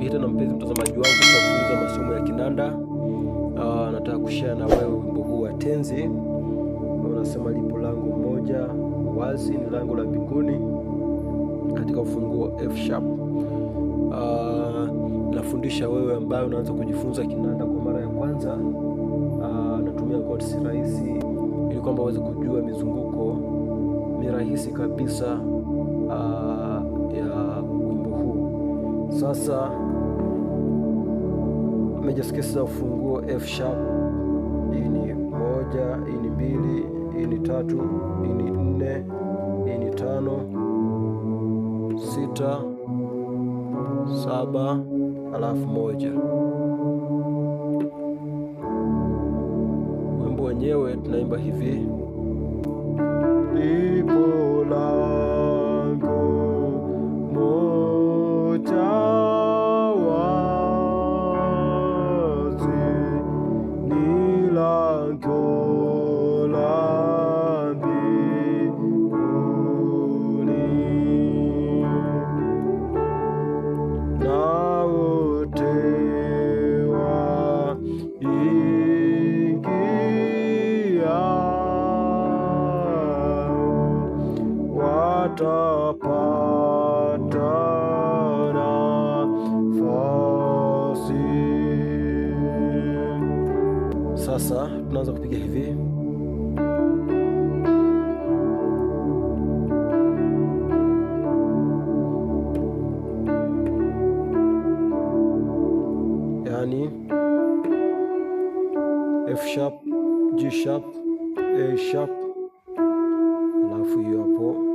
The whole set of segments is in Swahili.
kabisa tena mpenzi mtazamaji wangu kwa masomo ya kinanda. Uh, nataka kushare na wewe wimbo huu wa tenzi unasema, lipo lango moja wazi, ni lango la mbinguni katika ufunguo F sharp. Uh, nafundisha wewe ambaye unaanza kujifunza kinanda kwa mara ya kwanza. Uh, natumia chords rahisi ili kwamba uweze kujua mizunguko, ni rahisi kabisa. Uh, sasa meja za ufunguo F sharp. Hii ni moja, hii ni mbili, hii ni tatu, hii ni nne, hii ni tano, sita, saba, alafu moja. Wimbo wenyewe tunaimba hivi. Sasa tunaanza kupiga hivi. Yani F sharp, G sharp, A sharp alafu hiyo hapo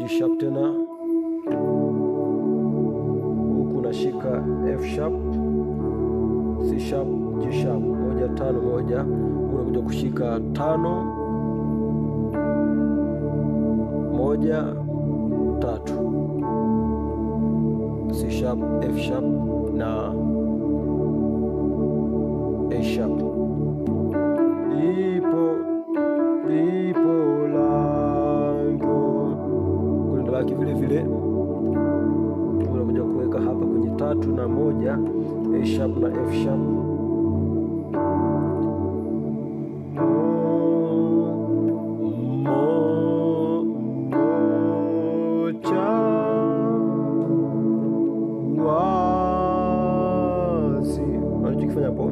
G sharp tena, huku nashika F sharp, C sharp, G sharp, moja tano moja, unakuja kushika tano moja tatu, C sharp, F sharp na A sharp. tatu na moja A sharp na F sharp wazi anachokifanya hapo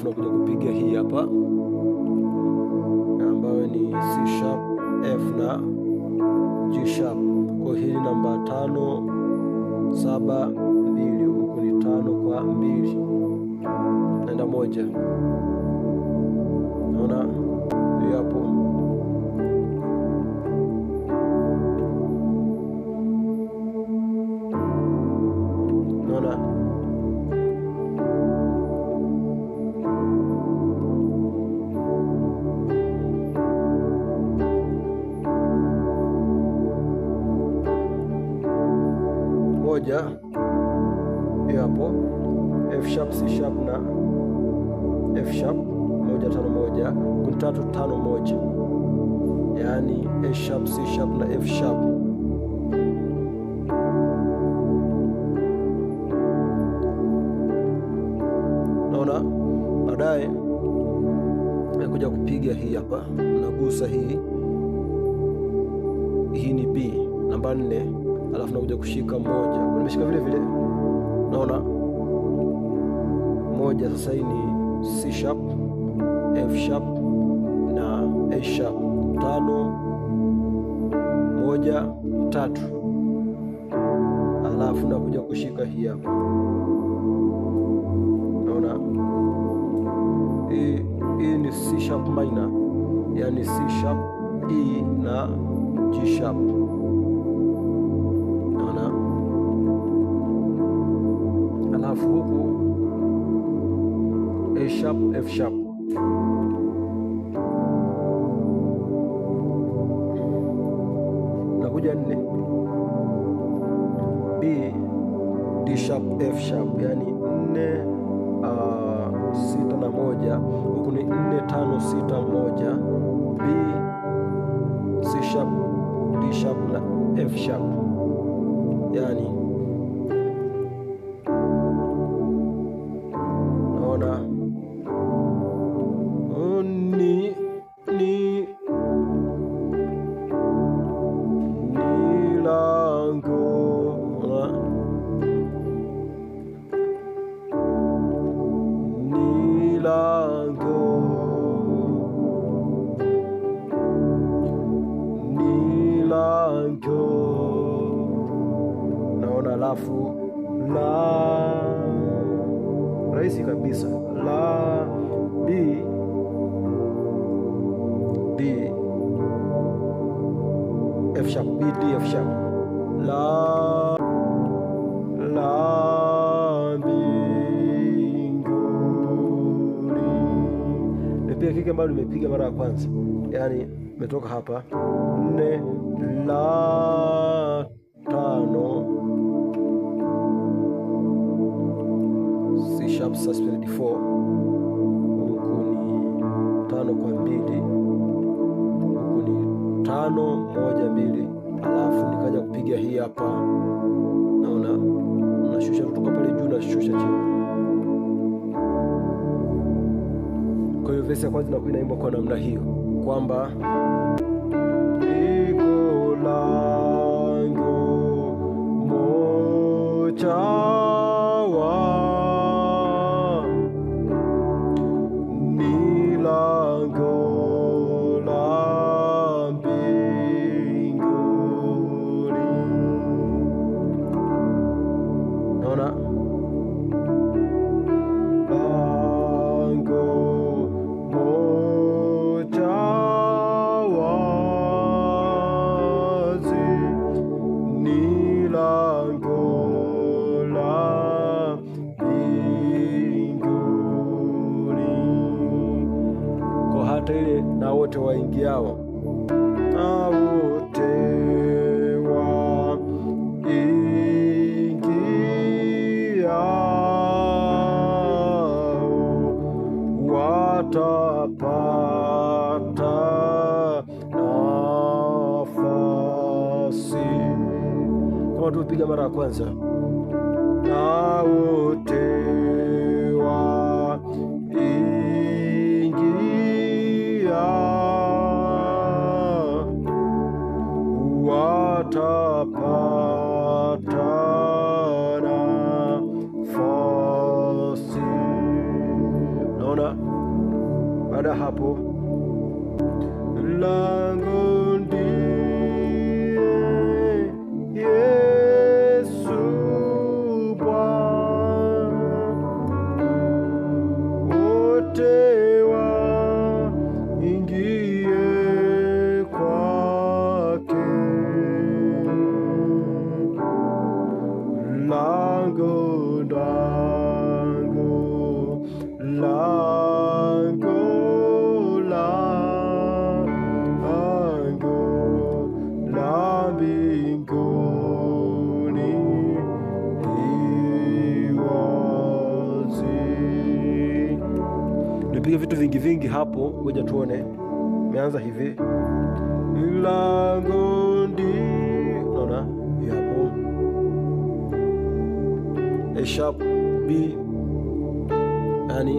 alafu nakuja kupiga hii hapa ambayo ni C sharp F na G sharp. Kwa hii namba tano saba mbili, huku ni tano kwa mbili, nenda moja, naona moja hapo F sharp C sharp na F sharp moja tano moja kuni tatu tano moja yaani A sharp C sharp na F sharp naona baadaye nakuja kupiga hii hapa nagusa hii hii ni B namba nne alafu nakuja kushika moja, nimeshika vile vile, naona moja. Sasa hii ni C sharp, F sharp na A sharp. Tano moja tatu, alafu nakuja kushika hii hapa, naona hii hii ni C sharp minor, yani C sharp E na G sharp sharp, F sharp. Nakuja nne B D sharp, F sharp, yani nne ah, sita na moja, huku ni nne tano sita moja, B C sharp, D sharp na F sharp yani la la mbinguni. kiki ambayo nimepiga mara ya kwanza, yaani metoka hapa nne la tano C sharp suspended 4 huku ni tano kwa mbili tano moja mbili, alafu nikaja kupiga hii hapa, naona nashusha kutoka pale juu, nashusha chini. Kwa hiyo vesi ya kwanza inakuwa inaimbwa kwa namna hiyo kwamba iko lango moja hata ile na wote waingiao na wote waingiao watapata nafasi. Kama tupiga mara ya kwanza na wote vitu vingi vingi hapo, ngoja tuone. Imeanza hivi ndi unaona hapo A sharp B, yani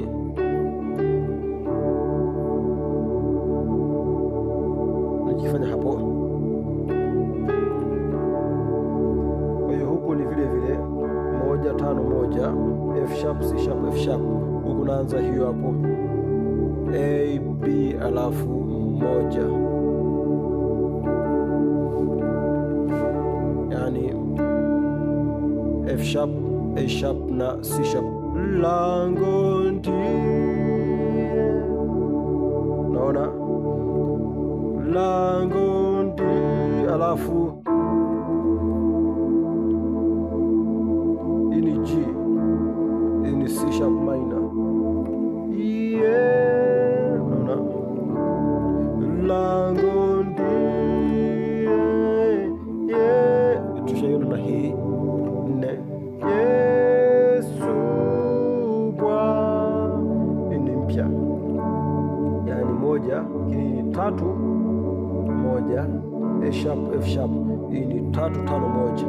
nikifanya hapo, ni tano moja F sharp C sharp F sharp, huku naanza hiyo hapo A B alafu moja, yani F sharp, A sharp na C sharp. lango ndie naona lango ndie alafu moja A sharp F sharp. Hii ni tatu tano moja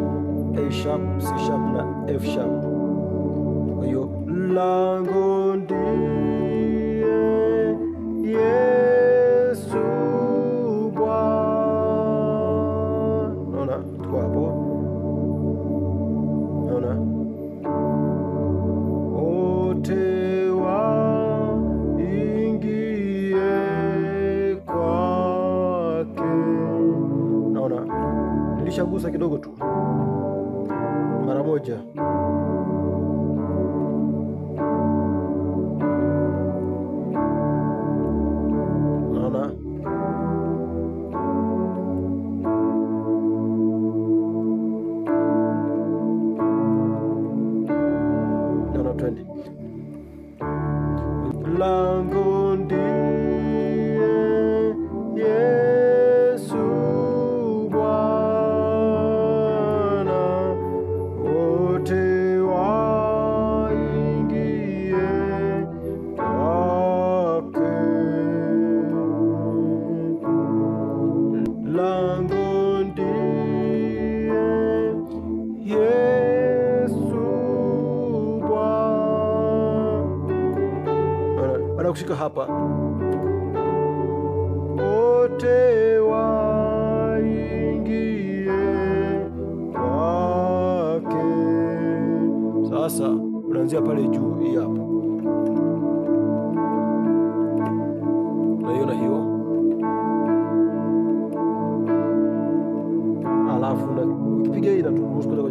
A sharp C sharp na F sharp. Kwa hiyo lango ndilo Nishagusa kidogo tu mara moja. Lango naona, ndi na kushika hapa wote waingie kwake. Sasa unaanzia pale juu, hii hapa naiona hiyo, alafu ukipiga hii inaturuhusu kwenye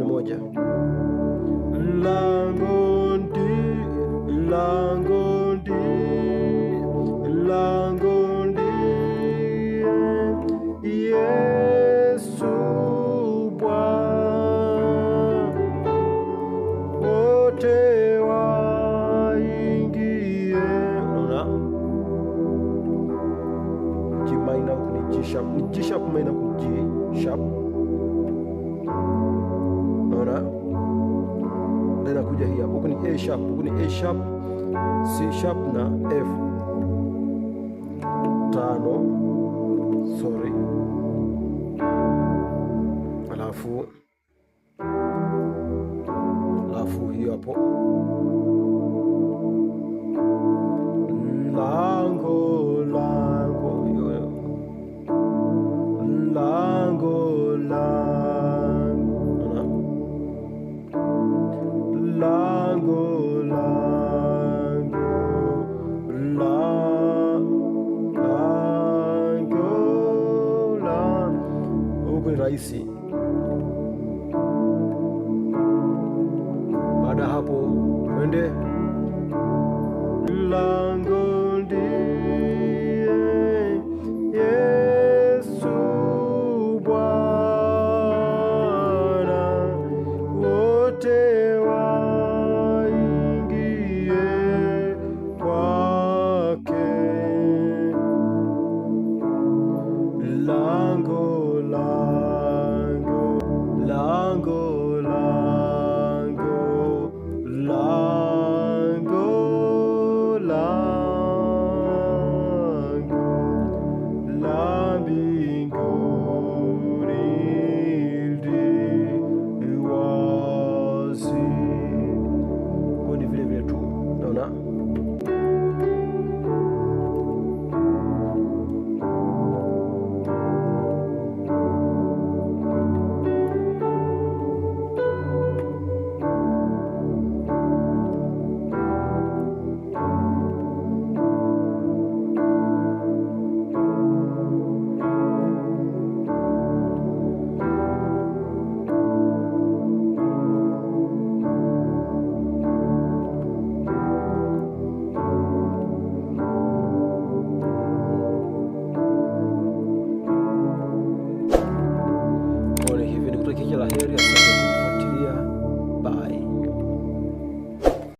moja hii hapo, Huku ni A sharp, huku ni A sharp, C sharp na F tano, sorry, alafu alafu hiyo hapo aí sim.